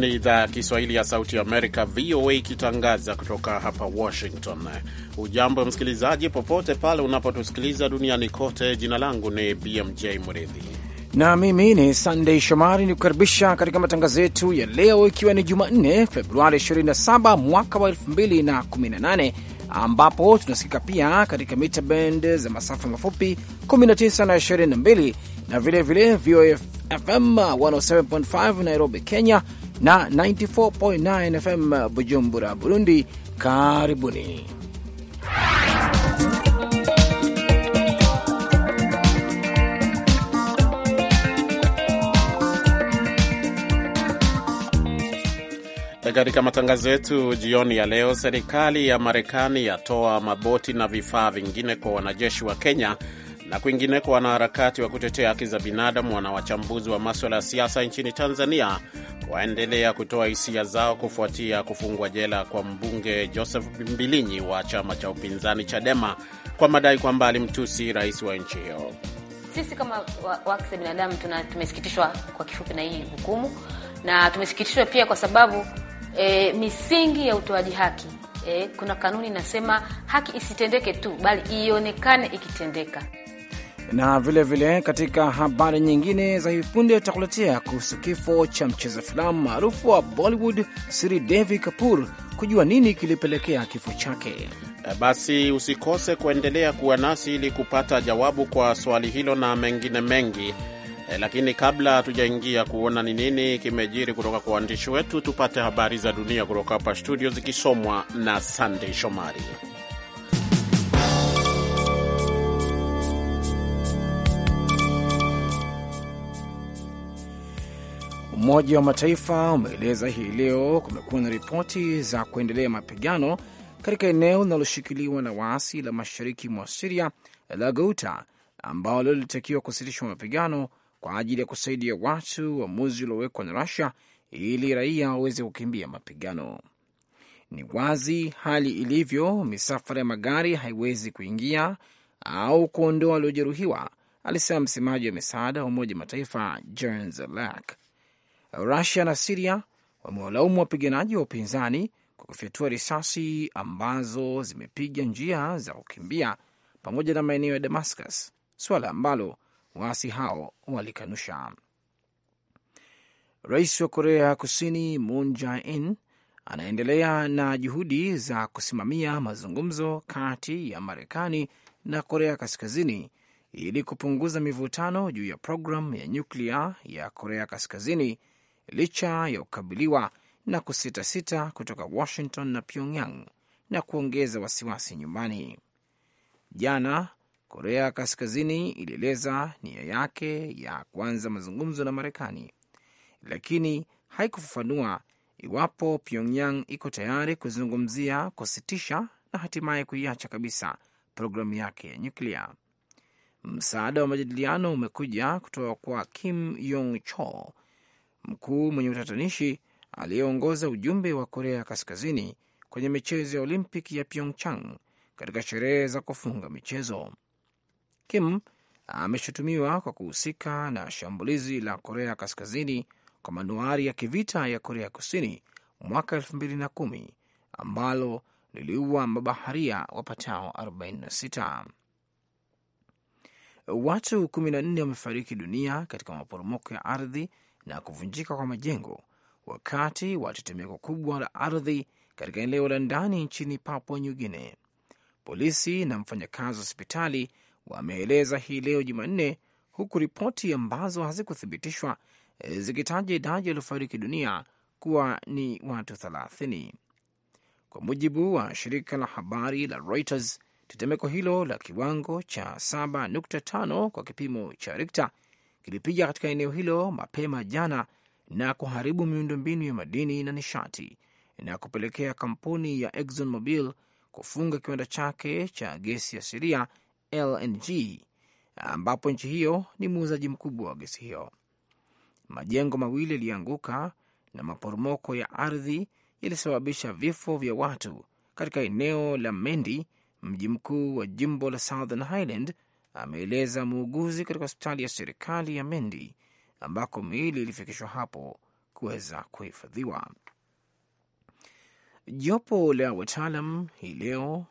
ni idhaa ya Kiswahili ya Sauti ya Amerika, VOA, ikitangaza kutoka hapa Washington. Ujambo msikilizaji, popote pale unapotusikiliza duniani kote. Jina langu ni BMJ Mridhi na mimi ni Sandei Shomari, ni kukaribisha katika matangazo yetu ya leo, ikiwa ni Jumanne Februari 27 mwaka wa 2018 ambapo tunasikika pia katika mita bend za masafa mafupi 19 na 22 na vilevile vofm 107.5 Nairobi, Kenya na 94.9 FM Bujumbura, Burundi. Karibuni. E, katika matangazo yetu jioni ya leo, serikali ya Marekani yatoa maboti na vifaa vingine kwa wanajeshi wa Kenya na kwingineko. Wanaharakati wa kutetea haki za binadamu na wachambuzi wa maswala ya siasa nchini Tanzania waendelea kutoa hisia zao kufuatia kufungwa jela kwa mbunge Joseph Mbilinyi wa chama cha upinzani Chadema kwa madai kwamba alimtusi rais wa nchi hiyo. Sisi kama haki za binadamu tumesikitishwa kwa kifupi na hii hukumu, na tumesikitishwa pia kwa sababu e, misingi ya utoaji haki e, kuna kanuni inasema haki isitendeke tu, bali ionekane ikitendeka. Na vile vile katika habari nyingine za hivi punde, tutakuletea kuhusu kifo cha mcheza filamu maarufu wa Bollywood Siri Devi Kapoor, kujua nini kilipelekea kifo chake. E, basi usikose kuendelea kuwa nasi ili kupata jawabu kwa swali hilo na mengine mengi Eh, lakini kabla hatujaingia kuona ni nini kimejiri kutoka kwa waandishi wetu, tupate habari za dunia kutoka hapa studio zikisomwa na Sandey Shomari. Umoja wa Mataifa umeeleza hii leo kumekuwa na ripoti za kuendelea mapigano katika eneo linaloshikiliwa na waasi la mashariki mwa Siria la Gouta ambalo lilitakiwa kusitishwa mapigano kwa ajili ya kusaidia watu, uamuzi uliowekwa na Rusia ili raia waweze kukimbia mapigano. Ni wazi hali ilivyo, misafara ya magari haiwezi kuingia au kuondoa waliojeruhiwa, alisema msemaji wa misaada wa Umoja Mataifa Jens Laerke. Rusia na Siria wamewalaumu wapiganaji wa upinzani kwa kufyatua risasi ambazo zimepiga njia za kukimbia pamoja na maeneo ya Damascus, suala ambalo waasi hao walikanusha. Rais wa Korea Kusini Moon Jae-in anaendelea na juhudi za kusimamia mazungumzo kati ya Marekani na Korea Kaskazini ili kupunguza mivutano juu ya programu ya nyuklia ya Korea Kaskazini licha ya kukabiliwa na kusitasita kutoka Washington na Pyongyang na kuongeza wasiwasi nyumbani. Jana Korea Kaskazini ilieleza nia yake ya kuanza mazungumzo na Marekani, lakini haikufafanua iwapo Pyongyang iko tayari kuzungumzia kusitisha na hatimaye kuiacha kabisa programu yake ya nyuklia. Msaada wa majadiliano umekuja kutoka kwa Kim Yong Cho, mkuu mwenye utatanishi aliyeongoza ujumbe wa Korea Kaskazini kwenye michezo ya Olimpiki ya Pyongchang katika sherehe za kufunga michezo. Kim ameshutumiwa kwa kuhusika na shambulizi la Korea Kaskazini kwa manuari ya kivita ya Korea Kusini mwaka elfu mbili na kumi ambalo liliua mabaharia wapatao 46. Watu 14 wamefariki dunia katika maporomoko ya ardhi na kuvunjika kwa majengo wakati wa tetemeko kubwa la ardhi katika eneo la ndani nchini Papua New Guinea. Polisi na mfanyakazi wa hospitali wameeleza hii leo Jumanne, huku ripoti ambazo hazikuthibitishwa e, zikitaja idadi waliofariki dunia kuwa ni watu 30. Kwa mujibu wa shirika la habari la Reuters, tetemeko hilo la kiwango cha 7.5 kwa kipimo cha Rikta kilipiga katika eneo hilo mapema jana na kuharibu miundombinu ya madini na nishati na kupelekea kampuni ya Mobil kufunga kiwanda chake cha gesi asilia LNG ambapo nchi hiyo ni muuzaji mkubwa wa gesi hiyo. Majengo mawili yalianguka na maporomoko ya ardhi yalisababisha vifo vya watu katika eneo la Mendi, mji mkuu wa jimbo la Southern Highland, ameeleza muuguzi katika hospitali ya serikali ya Mendi ambako miili ilifikishwa hapo kuweza kuhifadhiwa. Jopo la wataalam hii leo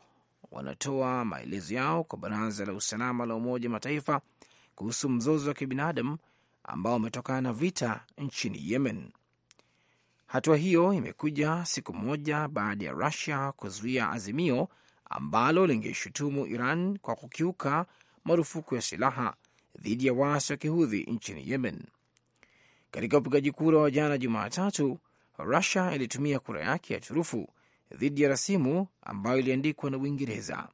wanatoa maelezo yao kwa Baraza la Usalama la Umoja wa Mataifa kuhusu mzozo wa kibinadamu ambao umetokana na vita nchini Yemen. Hatua hiyo imekuja siku moja baada ya Rusia kuzuia azimio ambalo lingeshutumu Iran kwa kukiuka marufuku ya silaha dhidi ya waasi wa kihudhi nchini Yemen. Katika upigaji kura wa jana Jumatatu, Rusia ilitumia kura yake ya turufu dhidi ya rasimu ambayo iliandikwa na Uingereza.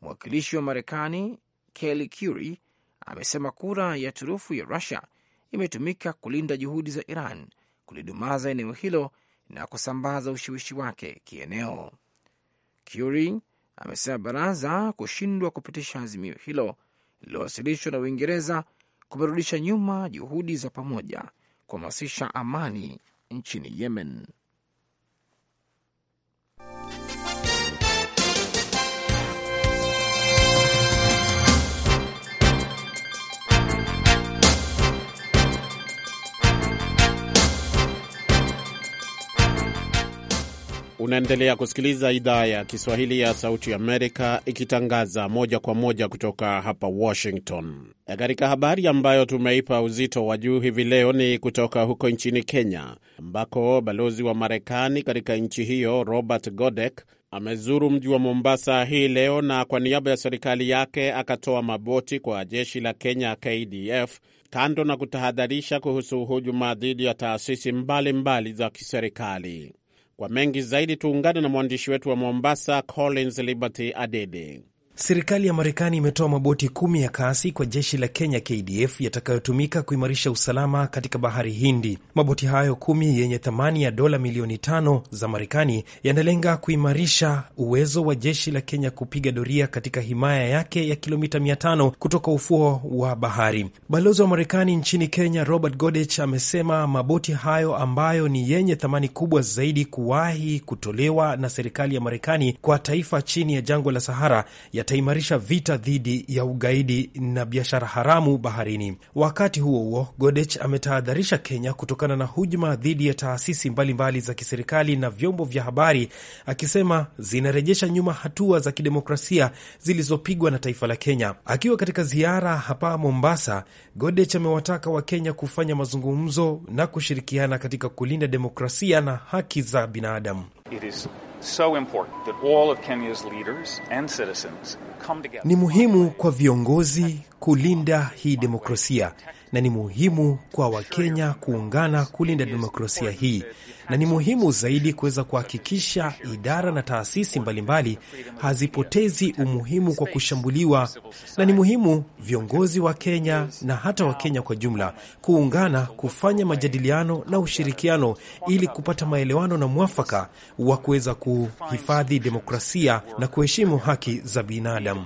Mwakilishi wa Marekani Kelly Currie amesema kura ya turufu ya Rusia imetumika kulinda juhudi za Iran kulidumaza eneo hilo na kusambaza ushawishi wake kieneo. Currie amesema baraza kushindwa kupitisha azimio hilo lililowasilishwa na Uingereza kumerudisha nyuma juhudi za pamoja kuhamasisha amani nchini Yemen. Unaendelea kusikiliza idhaa ya Kiswahili ya Sauti Amerika ikitangaza moja kwa moja kutoka hapa Washington. Katika habari ambayo tumeipa uzito wa juu hivi leo ni kutoka huko nchini Kenya, ambako balozi wa Marekani katika nchi hiyo Robert Godek amezuru mji wa Mombasa hii leo na kwa niaba ya serikali yake akatoa maboti kwa jeshi la Kenya KDF kando na kutahadharisha kuhusu hujuma dhidi ya taasisi mbalimbali mbali za kiserikali. Kwa mengi zaidi tuungane na mwandishi wetu wa Mombasa, Collins Liberty Adede. Serikali ya Marekani imetoa maboti kumi ya kasi kwa jeshi la Kenya KDF yatakayotumika kuimarisha usalama katika bahari Hindi. Maboti hayo kumi yenye thamani ya dola milioni tano za Marekani yanalenga kuimarisha uwezo wa jeshi la Kenya kupiga doria katika himaya yake ya kilomita mia tano kutoka ufuo wa bahari. Balozi wa Marekani nchini Kenya Robert Godech amesema maboti hayo ambayo ni yenye thamani kubwa zaidi kuwahi kutolewa na serikali ya Marekani kwa taifa chini ya jangwa la Sahara ya yataimarisha vita dhidi ya ugaidi na biashara haramu baharini. Wakati huo huo, Godech ametahadharisha Kenya kutokana na hujuma dhidi ya taasisi mbalimbali mbali za kiserikali na vyombo vya habari, akisema zinarejesha nyuma hatua za kidemokrasia zilizopigwa na taifa la Kenya. Akiwa katika ziara hapa Mombasa, Godech amewataka Wakenya kufanya mazungumzo na kushirikiana katika kulinda demokrasia na haki za binadamu. It is So important that all of Kenya's leaders and citizens come together. Ni muhimu kwa viongozi kulinda hii demokrasia na ni muhimu kwa Wakenya kuungana kulinda demokrasia hii na ni muhimu zaidi kuweza kuhakikisha idara na taasisi mbalimbali hazipotezi umuhimu kwa kushambuliwa, na ni muhimu viongozi wa Kenya na hata Wakenya kwa jumla kuungana kufanya majadiliano na ushirikiano ili kupata maelewano na mwafaka wa kuweza kuhifadhi demokrasia na kuheshimu haki za binadamu.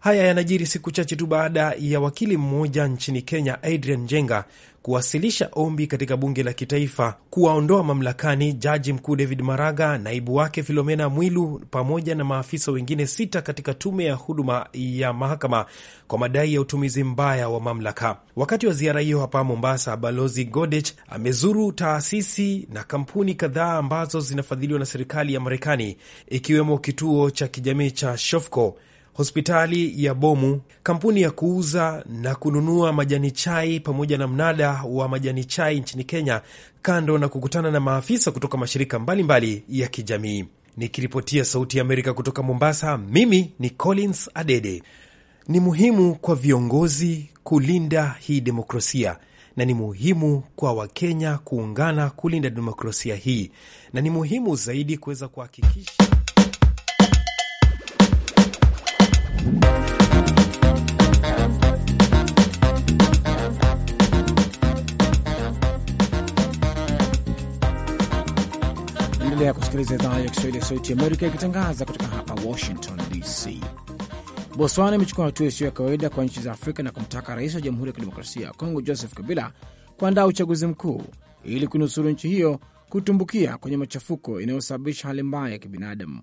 Haya yanajiri siku chache tu baada ya wakili pamoja nchini Kenya Adrian jenga kuwasilisha ombi katika bunge la kitaifa kuwaondoa mamlakani jaji mkuu David Maraga, naibu wake Filomena Mwilu pamoja na maafisa wengine sita katika tume ya huduma ya mahakama kwa madai ya utumizi mbaya wa mamlaka. Wakati wa ziara hiyo hapa Mombasa, Balozi Godech amezuru taasisi na kampuni kadhaa ambazo zinafadhiliwa na serikali ya Marekani, ikiwemo kituo cha kijamii cha Shofco hospitali ya Bomu, kampuni ya kuuza na kununua majani chai pamoja na mnada wa majani chai nchini Kenya, kando na kukutana na maafisa kutoka mashirika mbalimbali mbali ya kijamii. Nikiripotia Sauti ya Amerika kutoka Mombasa, mimi ni Collins Adede. Ni muhimu kwa viongozi kulinda hii demokrasia na ni muhimu kwa Wakenya kuungana kulinda demokrasia hii na ni muhimu zaidi kuweza kuhakikisha Naendelea kusikiliza idhaa ya Kiswahili ya Sauti Amerika ikitangaza kutoka hapa Washington DC. Botswana imechukua hatua isiyo ya kawaida kwa nchi za Afrika na kumtaka rais wa Jamhuri ya Kidemokrasia ya Kongo Joseph Kabila kuandaa uchaguzi mkuu ili kunusuru nchi hiyo kutumbukia kwenye machafuko inayosababisha hali mbaya ya kibinadamu.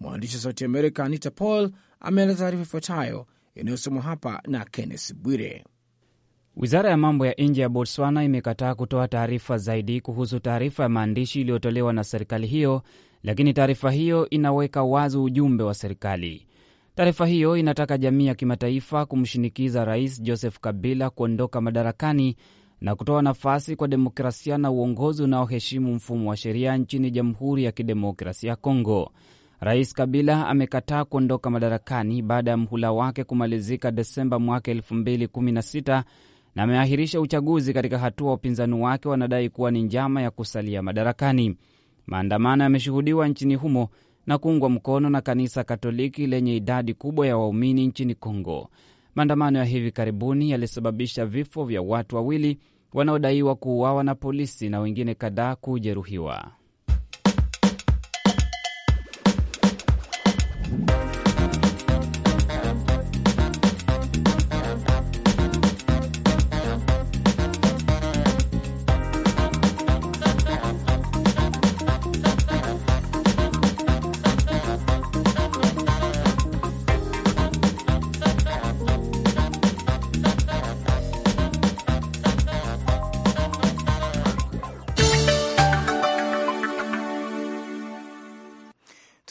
Mwandishi wa Sauti Amerika Anita Paul ameeleza taarifa ifuatayo inayosomwa hapa na Kenneth Bwire. Wizara ya mambo ya nje ya Botswana imekataa kutoa taarifa zaidi kuhusu taarifa ya maandishi iliyotolewa na serikali hiyo, lakini taarifa hiyo inaweka wazi ujumbe wa serikali. Taarifa hiyo inataka jamii ya kimataifa kumshinikiza Rais Joseph Kabila kuondoka madarakani na kutoa nafasi kwa demokrasia na uongozi unaoheshimu mfumo wa sheria nchini Jamhuri ya Kidemokrasia ya Kongo. Rais Kabila amekataa kuondoka madarakani baada ya mhula wake kumalizika Desemba mwaka na ameahirisha uchaguzi katika hatua upinzani wake wanadai kuwa ni njama ya kusalia madarakani. Maandamano yameshuhudiwa nchini humo na kuungwa mkono na kanisa Katoliki lenye idadi kubwa ya waumini nchini Kongo. Maandamano ya hivi karibuni yalisababisha vifo vya watu wawili wanaodaiwa kuuawa na polisi na wengine kadhaa kujeruhiwa.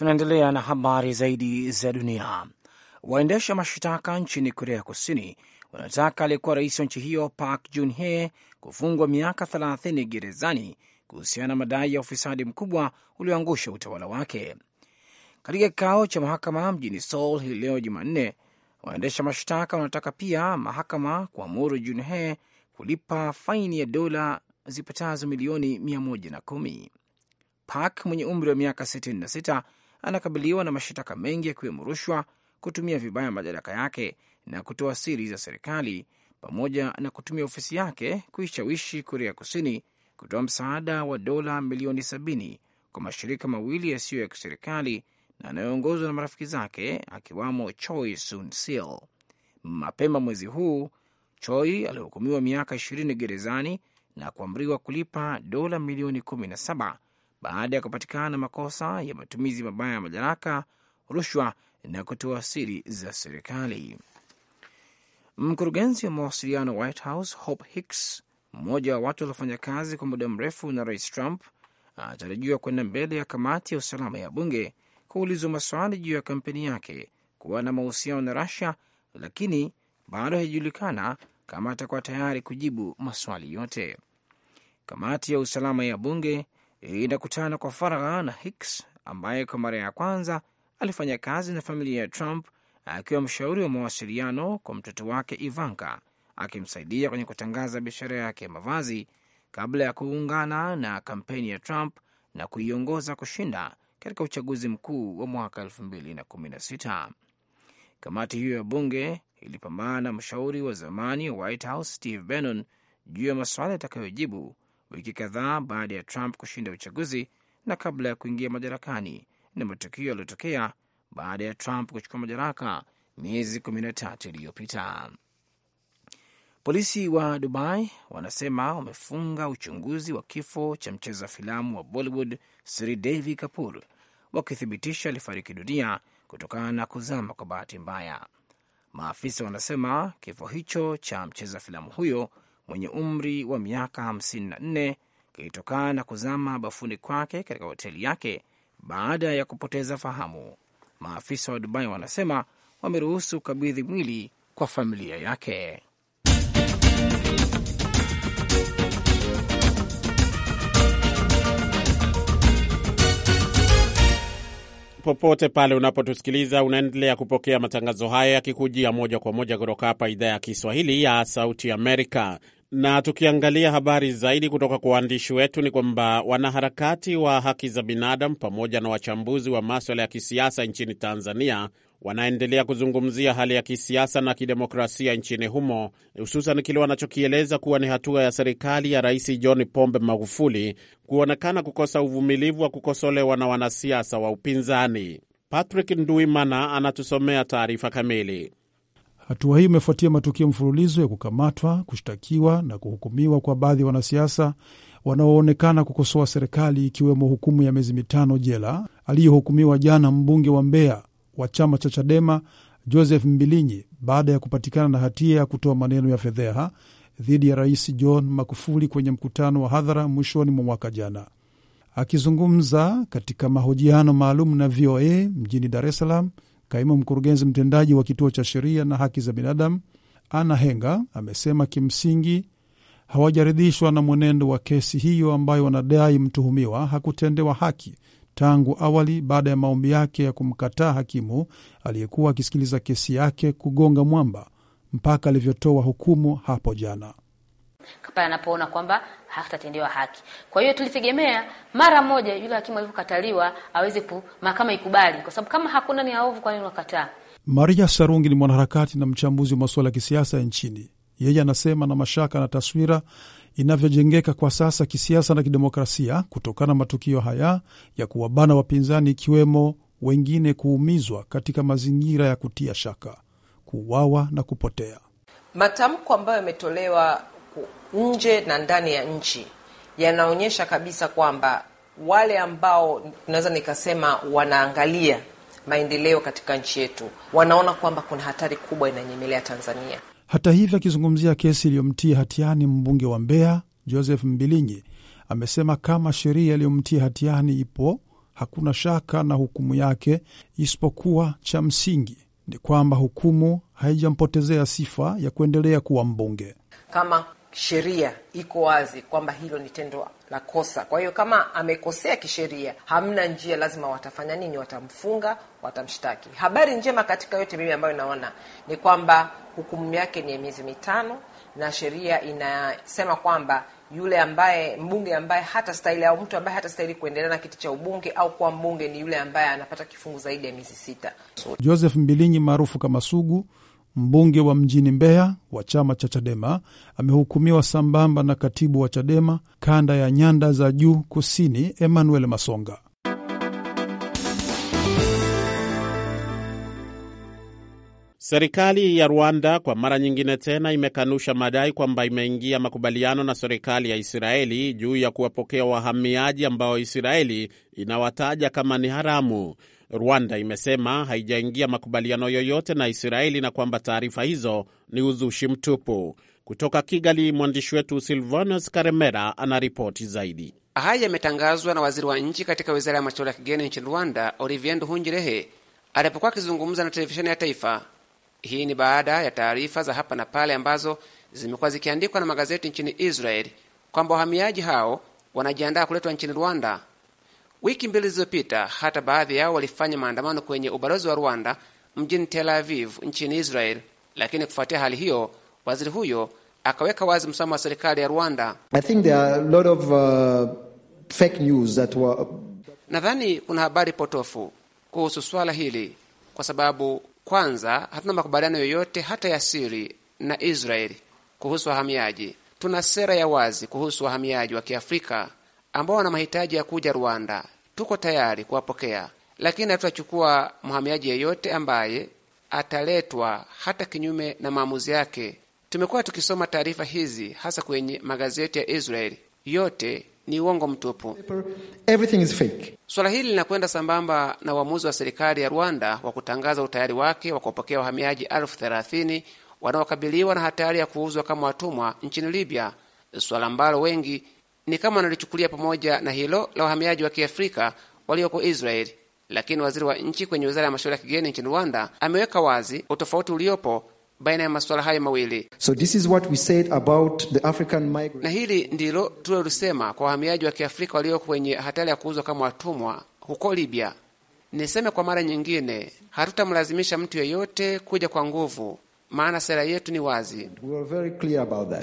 Tunaendelea na habari zaidi za dunia. Waendesha mashtaka nchini Korea Kusini wanataka aliyekuwa rais wa nchi hiyo Park Geun-hye kufungwa miaka 30 gerezani kuhusiana na madai ya ufisadi mkubwa ulioangusha utawala wake. Katika kikao cha mahakama mjini Seoul hii leo Jumanne, waendesha mashtaka wanataka pia mahakama kuamuru Geun-hye kulipa faini ya dola zipatazo milioni 110. Park mwenye umri wa miaka 66 anakabiliwa na mashitaka mengi yakiwemo rushwa, kutumia vibaya madaraka yake na kutoa siri za serikali, pamoja na kutumia ofisi yake kuishawishi Korea Kusini kutoa msaada wa dola milioni sabini kwa mashirika mawili yasiyo ya kiserikali na anayoongozwa na marafiki zake akiwamo Choi Soon-sil. Mapema mwezi huu Choi alihukumiwa miaka ishirini gerezani na kuamriwa kulipa dola milioni kumi na saba baada ya kupatikana makosa ya matumizi mabaya ya madaraka, rushwa na kutoa siri za serikali. Mkurugenzi wa mawasiliano White House Hope Hicks, mmoja wa watu waliofanya kazi kwa muda mrefu na Rais Trump, anatarajiwa kwenda mbele ya kamati ya usalama ya bunge kuulizwa maswali juu ya kampeni yake kuwa na mahusiano na Russia, lakini bado haijulikana kama atakuwa tayari kujibu maswali yote. Kamati ya usalama ya bunge E, inakutana kwa faragha na Hicks ambaye kwa mara ya kwanza alifanya kazi na familia ya Trump akiwa mshauri wa mawasiliano kwa mtoto wake Ivanka, akimsaidia kwenye kutangaza biashara yake ya mavazi kabla ya kuungana na kampeni ya Trump na kuiongoza kushinda katika uchaguzi mkuu wa mwaka 2016. Kamati hiyo ya bunge ilipambana na mshauri wa zamani wa White House Steve Bannon juu ya masuala yatakayojibu wiki kadhaa baada ya Trump kushinda uchaguzi na kabla ya kuingia madarakani na matukio yaliyotokea baada ya Trump kuchukua madaraka miezi 13 iliyopita. Polisi wa Dubai wanasema wamefunga uchunguzi wa kifo cha mcheza filamu wa Bollywood Sridevi Kapoor, wakithibitisha alifariki dunia kutokana na kuzama kwa bahati mbaya. Maafisa wanasema kifo hicho cha mcheza filamu huyo mwenye umri wa miaka 54 kilitokana na kuzama bafuni kwake katika hoteli yake baada ya kupoteza fahamu. Maafisa wa Dubai wanasema wameruhusu kabidhi mwili kwa familia yake. Popote pale unapotusikiliza, unaendelea kupokea matangazo haya yakikujia moja kwa moja kutoka hapa idhaa ya Kiswahili ya Sauti Amerika. Na tukiangalia habari zaidi kutoka kwa waandishi wetu ni kwamba wanaharakati wa haki za binadamu pamoja na wachambuzi wa maswala ya kisiasa nchini Tanzania wanaendelea kuzungumzia hali ya kisiasa na kidemokrasia nchini humo, hususan kile wanachokieleza kuwa ni hatua ya serikali ya Rais John Pombe Magufuli kuonekana kukosa uvumilivu wa kukosolewa na wanasiasa wa upinzani. Patrick Nduimana anatusomea taarifa kamili. Hatua hii imefuatia matukio mfululizo ya kukamatwa, kushtakiwa na kuhukumiwa kwa baadhi ya wanasiasa wanaoonekana kukosoa serikali, ikiwemo hukumu ya miezi mitano jela aliyohukumiwa jana mbunge wa Mbeya wa chama cha Chadema Joseph Mbilinyi baada ya kupatikana na hatia ya kutoa maneno ya fedheha dhidi ya Rais John Magufuli kwenye mkutano wa hadhara mwishoni mwa mwaka jana. Akizungumza katika mahojiano maalum na VOA mjini Dar es Salaam, Kaimu mkurugenzi mtendaji wa kituo cha sheria na haki za binadamu Ana Henga amesema kimsingi hawajaridhishwa na mwenendo wa kesi hiyo ambayo wanadai mtuhumiwa hakutendewa haki tangu awali baada ya maombi yake ya kumkataa hakimu aliyekuwa akisikiliza kesi yake kugonga mwamba mpaka alivyotoa hukumu hapo jana pale anapoona kwamba hatatendewa haki. Kwa hiyo tulitegemea mara moja yule hakimu alivyokataliwa aweze mahakama ikubali, kwa sababu kama hakuna ni aovu, kwa nini wakataa? Maria Sarungi ni mwanaharakati na mchambuzi wa masuala ya kisiasa nchini. Yeye anasema na mashaka na taswira inavyojengeka kwa sasa kisiasa na kidemokrasia kutokana na matukio haya ya kuwabana wapinzani, ikiwemo wengine kuumizwa katika mazingira ya kutia shaka, kuuawa na kupotea. Matamko ambayo yametolewa nje na ndani ya nchi yanaonyesha kabisa kwamba wale ambao naweza nikasema wanaangalia maendeleo katika nchi yetu wanaona kwamba kuna hatari kubwa inanyemelea Tanzania. Hata hivyo, akizungumzia kesi iliyomtia hatiani mbunge wa Mbeya Joseph Mbilinyi amesema kama sheria iliyomtia hatiani ipo, hakuna shaka na hukumu yake, isipokuwa cha msingi ni kwamba hukumu haijampotezea sifa ya kuendelea kuwa mbunge. Kama sheria iko wazi kwamba hilo ni tendo la kosa. Kwa hiyo kama amekosea kisheria, hamna njia, lazima watafanya nini? Watamfunga, watamshtaki. Habari njema katika yote mimi ambayo naona ni kwamba hukumu yake ni ya miezi mitano, na sheria inasema kwamba yule ambaye mbunge ambaye hata stahili au mtu ambaye hata stahili kuendelea na kiti cha ubunge au kuwa mbunge ni yule ambaye anapata kifungu zaidi ya miezi sita. Joseph Mbilinyi maarufu kama Sugu mbunge wa mjini Mbeya wa chama cha Chadema amehukumiwa sambamba na katibu wa Chadema kanda ya nyanda za juu kusini Emmanuel Masonga. Serikali ya Rwanda kwa mara nyingine tena imekanusha madai kwamba imeingia makubaliano na serikali ya Israeli juu ya kuwapokea wahamiaji ambao Israeli inawataja kama ni haramu. Rwanda imesema haijaingia makubaliano yoyote na Israeli na kwamba taarifa hizo ni uzushi mtupu. Kutoka Kigali, mwandishi wetu Silvanus Karemera ana ripoti zaidi. Haya yametangazwa na waziri wa nchi katika wizara ya mashauri ya kigeni nchini Rwanda, Olivier Nduhungirehe, alipokuwa akizungumza na televisheni ya taifa. Hii ni baada ya taarifa za hapa na pale ambazo zimekuwa zikiandikwa na magazeti nchini Israeli kwamba wahamiaji hao wanajiandaa kuletwa nchini Rwanda. Wiki mbili zilizopita, hata baadhi yao walifanya maandamano kwenye ubalozi wa Rwanda mjini Tel Aviv nchini Israel, lakini kufuatia hali hiyo, waziri huyo akaweka wazi msimamo wa serikali ya Rwanda. Uh, nadhani kuna habari potofu kuhusu swala hili kwa sababu kwanza, hatuna makubaliano yoyote hata ya siri na Israeli kuhusu wahamiaji. Tuna sera ya wazi kuhusu wahamiaji wa Kiafrika ambao wana mahitaji ya kuja Rwanda, tuko tayari kuwapokea, lakini hatutachukua mhamiaji yeyote ambaye ataletwa hata kinyume na maamuzi yake. Tumekuwa tukisoma taarifa hizi hasa kwenye magazeti ya Israeli, yote ni uongo mtupu. Swala hili linakwenda sambamba na uamuzi wa serikali ya Rwanda wa kutangaza utayari wake wa kuwapokea wahamiaji elfu thelathini wanaokabiliwa na hatari ya kuuzwa kama watumwa nchini Libya, swala ambalo wengi ni kama wanalichukulia pamoja na hilo la wahamiaji wa Kiafrika walioko Israeli. Lakini waziri wa nchi kwenye wizara ya mashauri ya kigeni nchini Rwanda ameweka wazi utofauti uliopo baina ya masuala hayo mawili. So this is what we said about the African Na hili ndilo tulilosema kwa wahamiaji wa Kiafrika walioko kwenye hatari ya kuuzwa kama watumwa huko Libya. Niseme kwa mara nyingine, hatutamlazimisha mtu yeyote kuja kwa nguvu maana sera yetu ni wazi.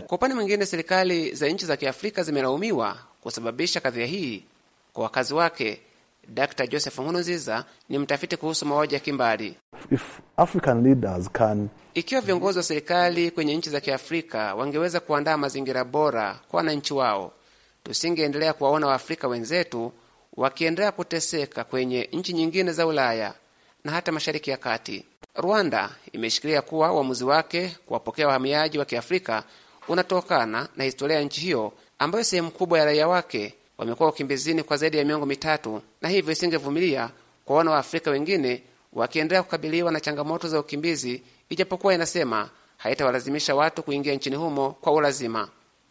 Kwa upande mwingine, serikali za nchi za Kiafrika zimelaumiwa kusababisha kadhia hii kwa wakazi wake. Dr. Joseph Nkurunziza ni mtafiti kuhusu mauaji ya kimbari. can... ikiwa viongozi wa serikali kwenye nchi za Kiafrika wangeweza kuandaa mazingira bora kwa wananchi wao, tusingeendelea kuwaona Waafrika wenzetu wakiendelea kuteseka kwenye nchi nyingine za Ulaya na hata Mashariki ya Kati. Rwanda imeshikilia kuwa uamuzi wake kuwapokea wahamiaji wa Kiafrika unatokana na historia ya nchi hiyo ambayo sehemu kubwa ya raia wake wamekuwa ukimbizini kwa zaidi ya miongo mitatu, na hivyo isingevumilia kuwaona Waafrika wengine wakiendelea kukabiliwa na changamoto za ukimbizi, ijapokuwa inasema haitawalazimisha watu kuingia nchini humo kwa ulazima.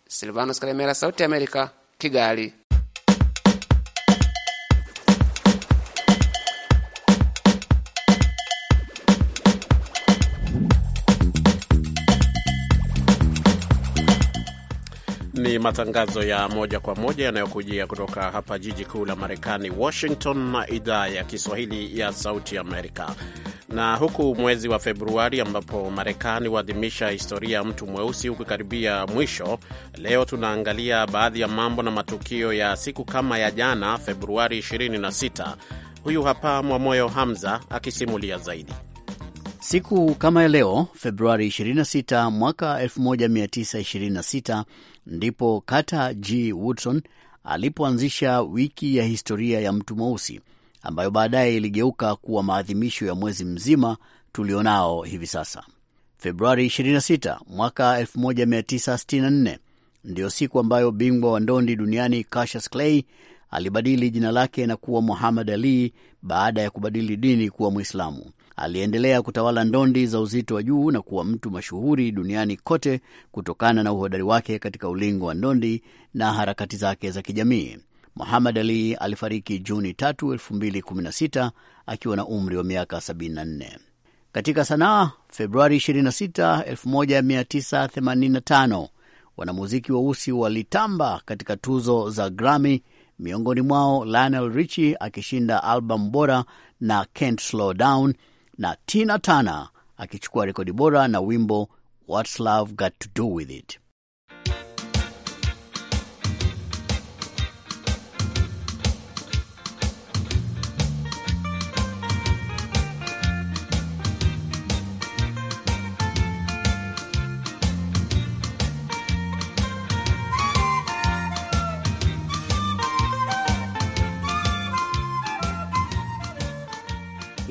Silvanos Sauti ya Amerika, Kigali. Ni matangazo ya moja kwa moja yanayokujia kutoka hapa jiji kuu la Marekani, Washington, na idhaa ya Kiswahili ya Sauti Amerika. Na huku mwezi wa Februari ambapo Marekani huadhimisha historia ya mtu mweusi ukikaribia mwisho, leo tunaangalia baadhi ya mambo na matukio ya siku kama ya jana, Februari 26. Huyu hapa Mwamoyo Hamza akisimulia zaidi. Siku kama ya leo Februari 26 mwaka 1926 ndipo Carter G. Woodson alipoanzisha wiki ya historia ya mtu mweusi ambayo baadaye iligeuka kuwa maadhimisho ya mwezi mzima tulionao hivi sasa. Februari 26 mwaka 1964 ndiyo siku ambayo bingwa wa ndondi duniani Cassius Clay alibadili jina lake na kuwa Muhammad Ali baada ya kubadili dini kuwa Mwislamu. Aliendelea kutawala ndondi za uzito wa juu na kuwa mtu mashuhuri duniani kote kutokana na uhodari wake katika ulingo wa ndondi na harakati zake za kijamii. Muhammad Ali alifariki Juni 3, 2016 akiwa na umri wa miaka 74. Katika sanaa, Februari 26, 1985 wanamuziki weusi wa walitamba katika tuzo za Grammy, miongoni mwao Lionel Richie akishinda albamu bora na Can't Slow Down na Tina Turner akichukua rekodi bora na wimbo What's Love Got to Do With It.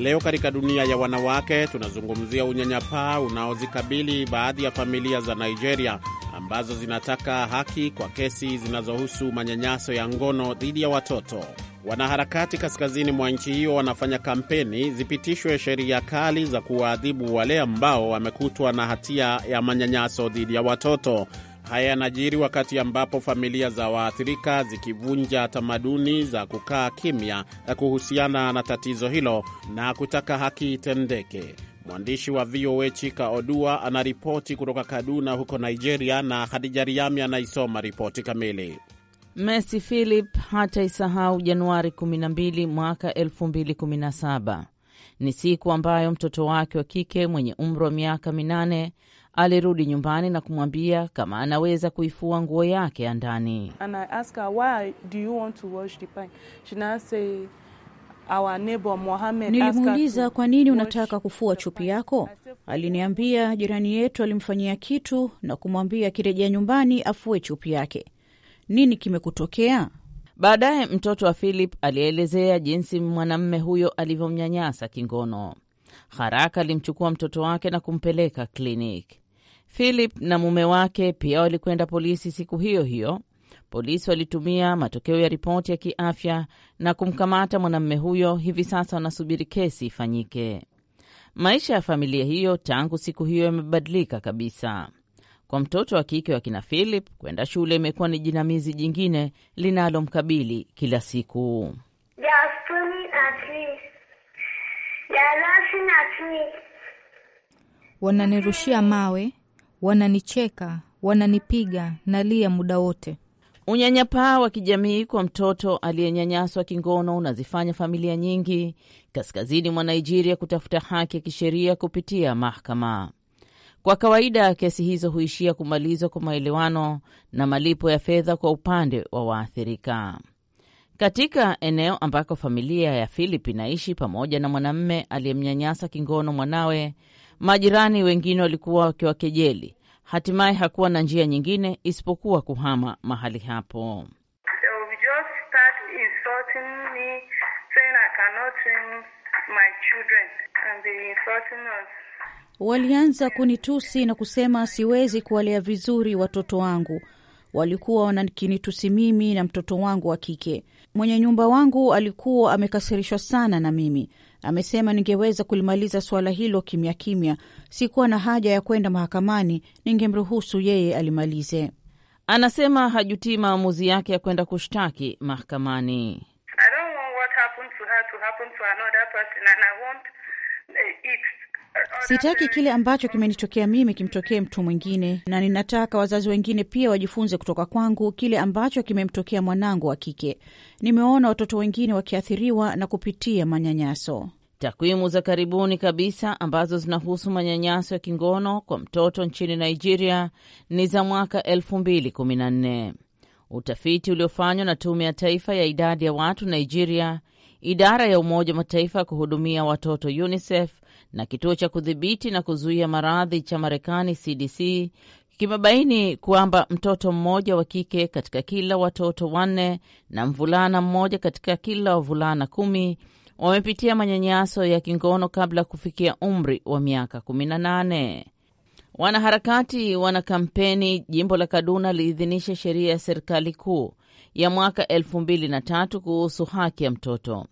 Leo katika dunia ya wanawake tunazungumzia unyanyapaa unaozikabili baadhi ya familia za Nigeria ambazo zinataka haki kwa kesi zinazohusu manyanyaso ya ngono dhidi ya watoto. Wanaharakati kaskazini mwa nchi hiyo wanafanya kampeni zipitishwe sheria kali za kuwaadhibu wale ambao wamekutwa na hatia ya manyanyaso dhidi ya watoto. Haya yanajiri wakati ambapo familia za waathirika zikivunja tamaduni za kukaa kimya kuhusiana na tatizo hilo na kutaka haki itendeke. Mwandishi wa VOA Chika Odua anaripoti kutoka Kaduna huko Nigeria, na Hadija Riami anaisoma ripoti kamili. Messi Philip hataisahau Januari 12 mwaka 2017. Ni siku ambayo mtoto wake wa kike mwenye umri wa miaka minane alirudi nyumbani na kumwambia kama anaweza kuifua nguo yake ya ndani. Nilimuuliza, kwa nini unataka kufua chupi yako? Aliniambia jirani yetu alimfanyia kitu na kumwambia akirejea nyumbani afue chupi yake. Nini kimekutokea? Baadaye mtoto wa Philip alielezea jinsi mwanamme huyo alivyomnyanyasa kingono. Haraka alimchukua mtoto wake na kumpeleka kliniki. Philip na mume wake pia walikwenda polisi siku hiyo hiyo. Polisi walitumia matokeo ya ripoti ya kiafya na kumkamata mwanamume huyo. Hivi sasa wanasubiri kesi ifanyike. Maisha ya familia hiyo tangu siku hiyo yamebadilika kabisa. Kwa mtoto wa kike wa kina Philip, kwenda shule imekuwa ni jinamizi jingine linalomkabili kila siku. Wananirushia mawe wananicheka, wananipiga, nalia muda wote. Unyanyapaa wa kijamii kwa mtoto aliyenyanyaswa kingono unazifanya familia nyingi kaskazini mwa Nigeria kutafuta haki ya kisheria kupitia mahakama. Kwa kawaida kesi hizo huishia kumalizwa kwa maelewano na malipo ya fedha kwa upande wa waathirika. Katika eneo ambako familia ya Philip inaishi pamoja na mwanamme aliyemnyanyasa kingono mwanawe, Majirani wengine walikuwa wakiwakejeli. Hatimaye hakuwa na njia nyingine isipokuwa kuhama mahali hapo. Walianza kunitusi na kusema siwezi kuwalea vizuri watoto wangu. Walikuwa wanakinitusi mimi na mtoto wangu wa kike. Mwenye nyumba wangu alikuwa amekasirishwa sana na mimi. Amesema, ningeweza kulimaliza suala hilo kimya kimya, sikuwa na haja ya kwenda mahakamani, ningemruhusu yeye alimalize. Anasema hajutii maamuzi yake ya kwenda kushtaki mahakamani. Sitaki kile ambacho kimenitokea mimi kimtokee mtu mwingine, na ninataka wazazi wengine pia wajifunze kutoka kwangu kile ambacho kimemtokea mwanangu wa kike. Nimeona watoto wengine wakiathiriwa na kupitia manyanyaso. Takwimu za karibuni kabisa ambazo zinahusu manyanyaso ya kingono kwa mtoto nchini Nigeria ni za mwaka 2014. Utafiti uliofanywa na Tume ya Taifa ya Idadi ya Watu Nigeria idara ya Umoja wa Mataifa ya kuhudumia watoto UNICEF na kituo cha kudhibiti na kuzuia maradhi cha Marekani CDC kimebaini kwamba mtoto mmoja wa kike katika kila watoto wanne na mvulana mmoja katika kila wavulana kumi wamepitia manyanyaso ya kingono kabla ya kufikia umri wa miaka kumi na nane Wanaharakati wana kampeni jimbo la Kaduna liidhinishe sheria ya serikali kuu ya mwaka elfu mbili na tatu kuhusu haki ya mtoto.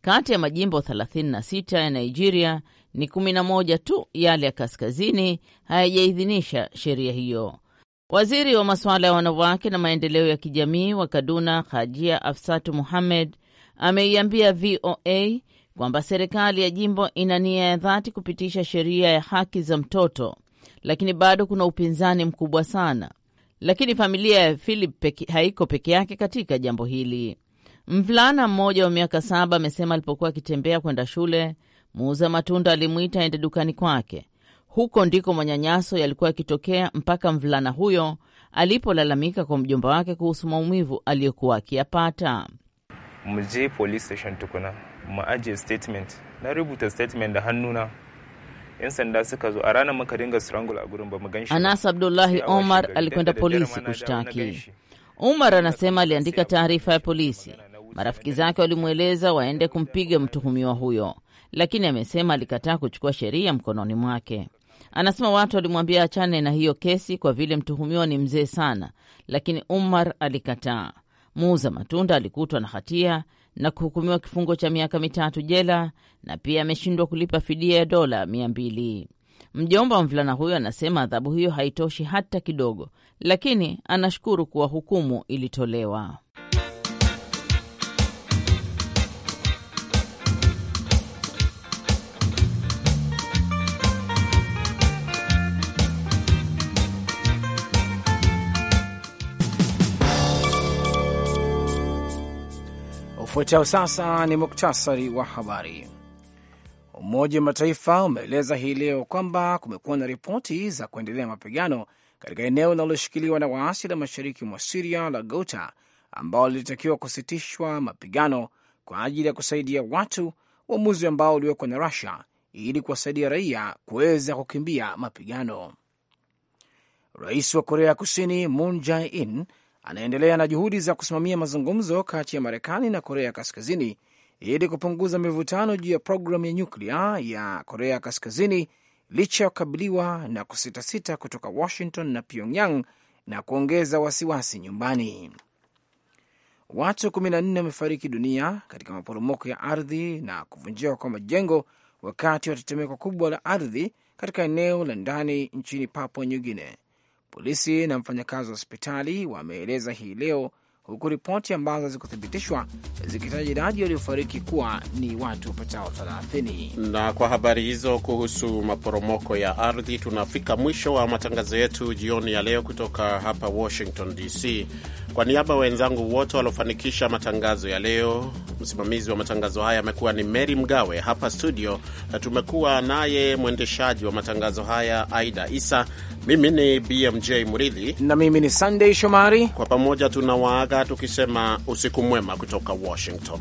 Kati ya majimbo 36 ya Nigeria ni 11 tu yale ya kaskazini hayajaidhinisha sheria hiyo. Waziri wa masuala ya wanawake na maendeleo ya kijamii wa Kaduna, Hajia Afsatu Muhammed, ameiambia VOA kwamba serikali ya jimbo ina nia ya dhati kupitisha sheria ya haki za mtoto lakini bado kuna upinzani mkubwa sana. Lakini familia ya Philip peke, haiko peke yake katika jambo hili. Mvulana mmoja wa miaka saba amesema alipokuwa akitembea kwenda shule, muuza matunda alimwita aende dukani kwake. Huko ndiko manyanyaso yalikuwa yakitokea mpaka mvulana huyo alipolalamika kwa mjomba wake kuhusu maumivu aliyokuwa akiyapata. Mje police station tukuna maaje statement na statement da hannuna 'yan sanda suka zo a ranar muka dinga strangle a gurin ba mu ganshi Anas Abdullahi Omar alikwenda polisi kushtaki. Umar anasema aliandika taarifa ya polisi, marafiki zake walimweleza waende kumpiga mtuhumiwa huyo, lakini amesema alikataa kuchukua sheria mkononi mwake. Anasema watu walimwambia achane na hiyo kesi kwa vile mtuhumiwa ni mzee sana, lakini Umar alikataa. Muuza matunda alikutwa na hatia na kuhukumiwa kifungo cha miaka mitatu jela na pia ameshindwa kulipa fidia ya dola mia mbili. Mjomba wa mvulana huyo anasema adhabu hiyo haitoshi hata kidogo, lakini anashukuru kuwa hukumu ilitolewa. Ufuatao sasa ni muktasari wa habari. Umoja wa Mataifa umeeleza hii leo kwamba kumekuwa na ripoti za kuendelea mapigano katika eneo linaloshikiliwa na waasi la mashariki mwa Siria la Gouta, ambao lilitakiwa kusitishwa mapigano kwa ajili ya kusaidia watu, uamuzi ambao uliwekwa na Rusia ili kuwasaidia raia kuweza kukimbia mapigano. Rais wa Korea Kusini Moon Jae-in anaendelea na juhudi za kusimamia mazungumzo kati ya Marekani na Korea Kaskazini ili kupunguza mivutano juu ya programu ya nyuklia ya Korea Kaskazini licha ya kukabiliwa na kusitasita kutoka Washington na Pyongyang na kuongeza wasiwasi nyumbani. Watu 14 wamefariki dunia katika maporomoko ya ardhi na kuvunjiwa kwa majengo wakati wa tetemeko kubwa la ardhi katika eneo la ndani nchini Papua New Guinea. Polisi na mfanyakazi wa hospitali wameeleza hii leo, huku ripoti ambazo zikuthibitishwa zikitaja idadi waliofariki kuwa ni watu wapatao 30. Na kwa habari hizo kuhusu maporomoko ya ardhi, tunafika mwisho wa matangazo yetu jioni ya leo kutoka hapa Washington DC. Kwa niaba wenzangu wote waliofanikisha matangazo ya leo, msimamizi wa matangazo haya amekuwa ni Mary Mgawe hapa studio, na tumekuwa naye mwendeshaji wa matangazo haya Aida Isa. Mimi ni BMJ Muridhi na mimi ni Sunday Shomari. Kwa pamoja tunawaaga tukisema usiku mwema kutoka Washington.